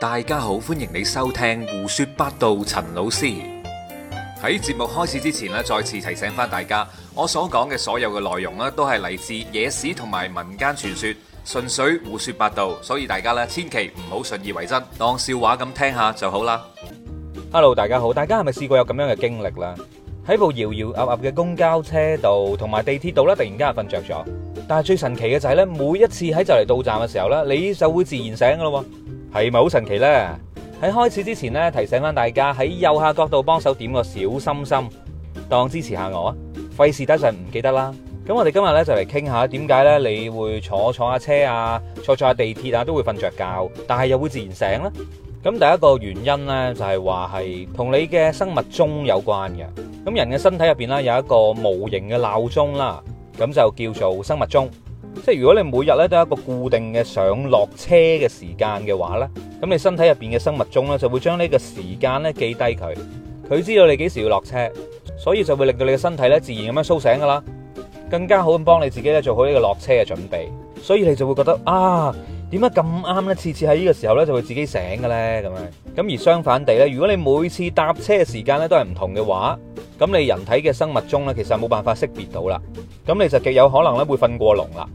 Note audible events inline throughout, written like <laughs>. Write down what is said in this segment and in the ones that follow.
大家好，歡迎你收聽胡說八道。陳老師喺節目開始之前咧，再次提醒翻大家，我所講嘅所有嘅內容咧，都係嚟自野史同埋民間傳說，純粹胡說八道，所以大家咧千祈唔好信以為真，當笑話咁聽下就好啦。Hello，大家好，大家係咪試過有咁樣嘅經歷啦？喺部搖搖凹凹嘅公交車度，同埋地鐵度咧，突然間瞓着咗，但係最神奇嘅就係咧，每一次喺就嚟到站嘅時候咧，你就會自然醒噶啦。係咪好神奇咧？喺開始之前咧，提醒翻大家喺右下角度幫手點個小心心，當支持下我啊！費事等陣唔記得啦。咁我哋今日咧就嚟傾下點解咧你會坐坐下車啊、坐坐下地鐵啊都會瞓着覺，但係又會自然醒咧。咁第一個原因咧就係話係同你嘅生物鐘有關嘅。咁人嘅身體入邊咧有一個無形嘅鬧鐘啦，咁就叫做生物鐘。即係如果你每日咧都有一個固定嘅上落車嘅時間嘅話呢，咁你身體入邊嘅生物鐘咧就會將呢個時間咧記低佢，佢知道你幾時要落車，所以就會令到你嘅身體咧自然咁樣甦醒噶啦，更加好咁幫你自己咧做好呢個落車嘅準備，所以你就會覺得啊，點解咁啱呢？次次喺呢個時候呢就會自己醒嘅呢咁樣，咁而相反地咧，如果你每次搭車嘅時間咧都係唔同嘅話，咁你人體嘅生物鐘咧其實冇辦法識別到啦，咁你就極有可能咧會瞓過籠啦。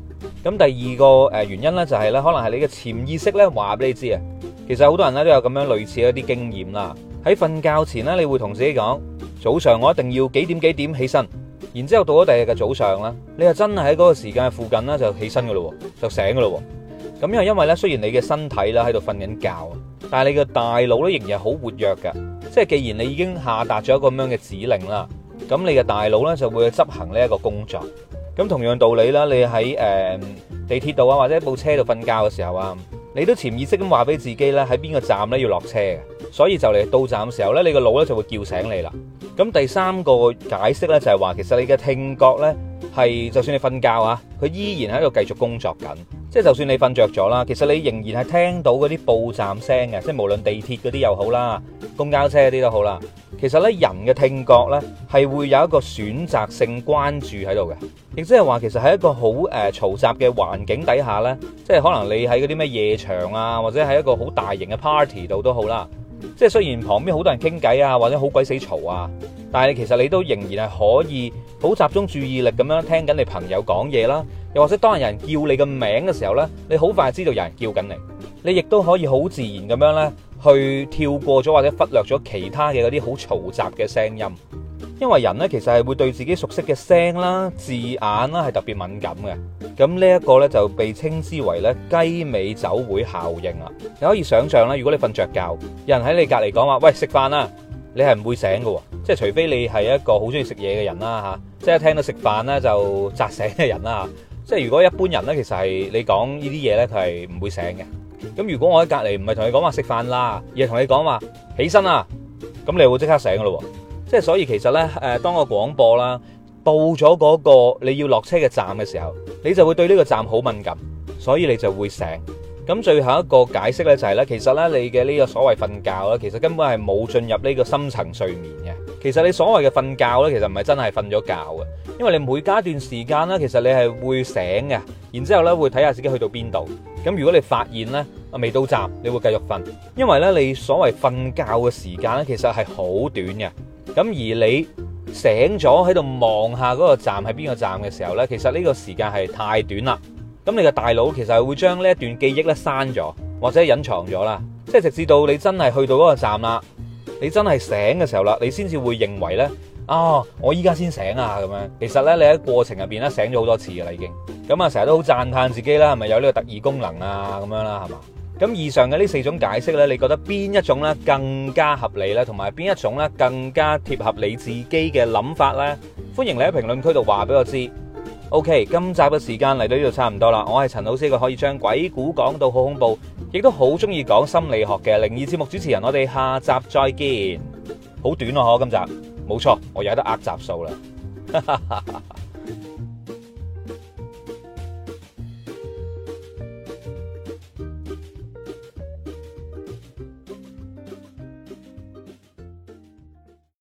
咁第二個誒原因呢，就係咧，可能係你嘅潛意識呢，話俾你知啊。其實好多人呢都有咁樣類似一啲經驗啦。喺瞓覺前呢，你會同自己講：早上我一定要幾點幾點起身。然之後到咗第二日嘅早上呢，你又真係喺嗰個時間附近呢就起身噶咯，就醒噶咯。咁又因為呢，雖然你嘅身體呢喺度瞓緊覺啊，但係你嘅大腦呢仍然係好活躍噶。即係既然你已經下達咗一個咁樣嘅指令啦，咁你嘅大腦呢就會去執行呢一個工作。咁同樣道理啦，你喺誒地鐵度啊，或者一部車度瞓覺嘅時候啊，你都潛意識咁話俾自己咧，喺邊個站咧要落車嘅，所以就嚟到站嘅時候咧，你個腦咧就會叫醒你啦。咁第三個解釋咧就係話，其實你嘅聽覺咧係就算你瞓覺啊，佢依然喺度繼續工作緊。即係就算你瞓着咗啦，其實你仍然係聽到嗰啲報站聲嘅，即係無論地鐵嗰啲又好啦，公交車嗰啲都好啦。其實咧，人嘅聽覺咧係會有一個選擇性關注喺度嘅，亦即係話其實喺一個好誒嘈雜嘅環境底下咧，即係可能你喺嗰啲咩夜場啊，或者喺一個好大型嘅 party 度都好啦。即係雖然旁邊好多人傾偈啊，或者好鬼死嘈啊，但係其實你都仍然係可以，好集中注意力咁樣聽緊你朋友講嘢啦，又或者當有人叫你個名嘅時候咧，你好快知道有人叫緊你。你亦都可以好自然咁樣咧，去跳過咗或者忽略咗其他嘅嗰啲好嘈雜嘅聲音，因為人咧其實係會對自己熟悉嘅聲啦、字眼啦係特別敏感嘅。咁呢一個咧就被稱之為咧雞尾酒會效應啊。你可以想象咧，如果你瞓著覺，人喺你隔離講話，喂，食飯啦，你係唔會醒㗎喎，即係除非你係一個好中意食嘢嘅人啦嚇。即係聽到食飯咧就扎醒嘅人啦，即係如果一般人咧，其實係你講呢啲嘢咧，佢係唔會醒嘅。咁如果我喺隔離唔係同你講話食飯啦，而係同你講話起身啦，咁你會即刻醒嘅咯喎。即係所以其實咧，誒當個廣播啦到咗嗰個你要落車嘅站嘅時候，你就會對呢個站好敏感，所以你就會醒。咁最後一個解釋咧就係咧，其實咧你嘅呢個所謂瞓覺啦，其實根本係冇進入呢個深層睡眠嘅。其實你所謂嘅瞓覺呢，其實唔係真係瞓咗覺嘅，因為你每加一段時間呢，其實你係會醒嘅，然之後呢，會睇下自己去到邊度。咁如果你發現呢，啊，未到站，你會繼續瞓，因為呢，你所謂瞓覺嘅時間呢，其實係好短嘅。咁而你醒咗喺度望下嗰個站喺邊個站嘅時候呢，其實呢個時間係太短啦。咁你嘅大腦其實係會將呢一段記憶呢刪咗或者隱藏咗啦，即係直至到你真係去到嗰個站啦。你真係醒嘅時候啦，你先至會認為咧啊，我依家先醒啊咁樣。其實咧，你喺過程入邊咧醒咗好多次噶啦，已經。咁啊，成日都好讚歎自己啦，係咪有呢個特異功能啊咁樣啦，係嘛？咁以上嘅呢四種解釋咧，你覺得邊一種咧更加合理咧？同埋邊一種咧更加貼合你自己嘅諗法咧？歡迎你喺評論區度話俾我知。OK，今集嘅時間嚟到呢度差唔多啦。我係陳老師，個可以將鬼故講到好恐怖，亦都好中意講心理學嘅靈異節目主持人，我哋下集再見。好短啊，嗬，今集冇錯，我又喺度呃字數啦。 <laughs>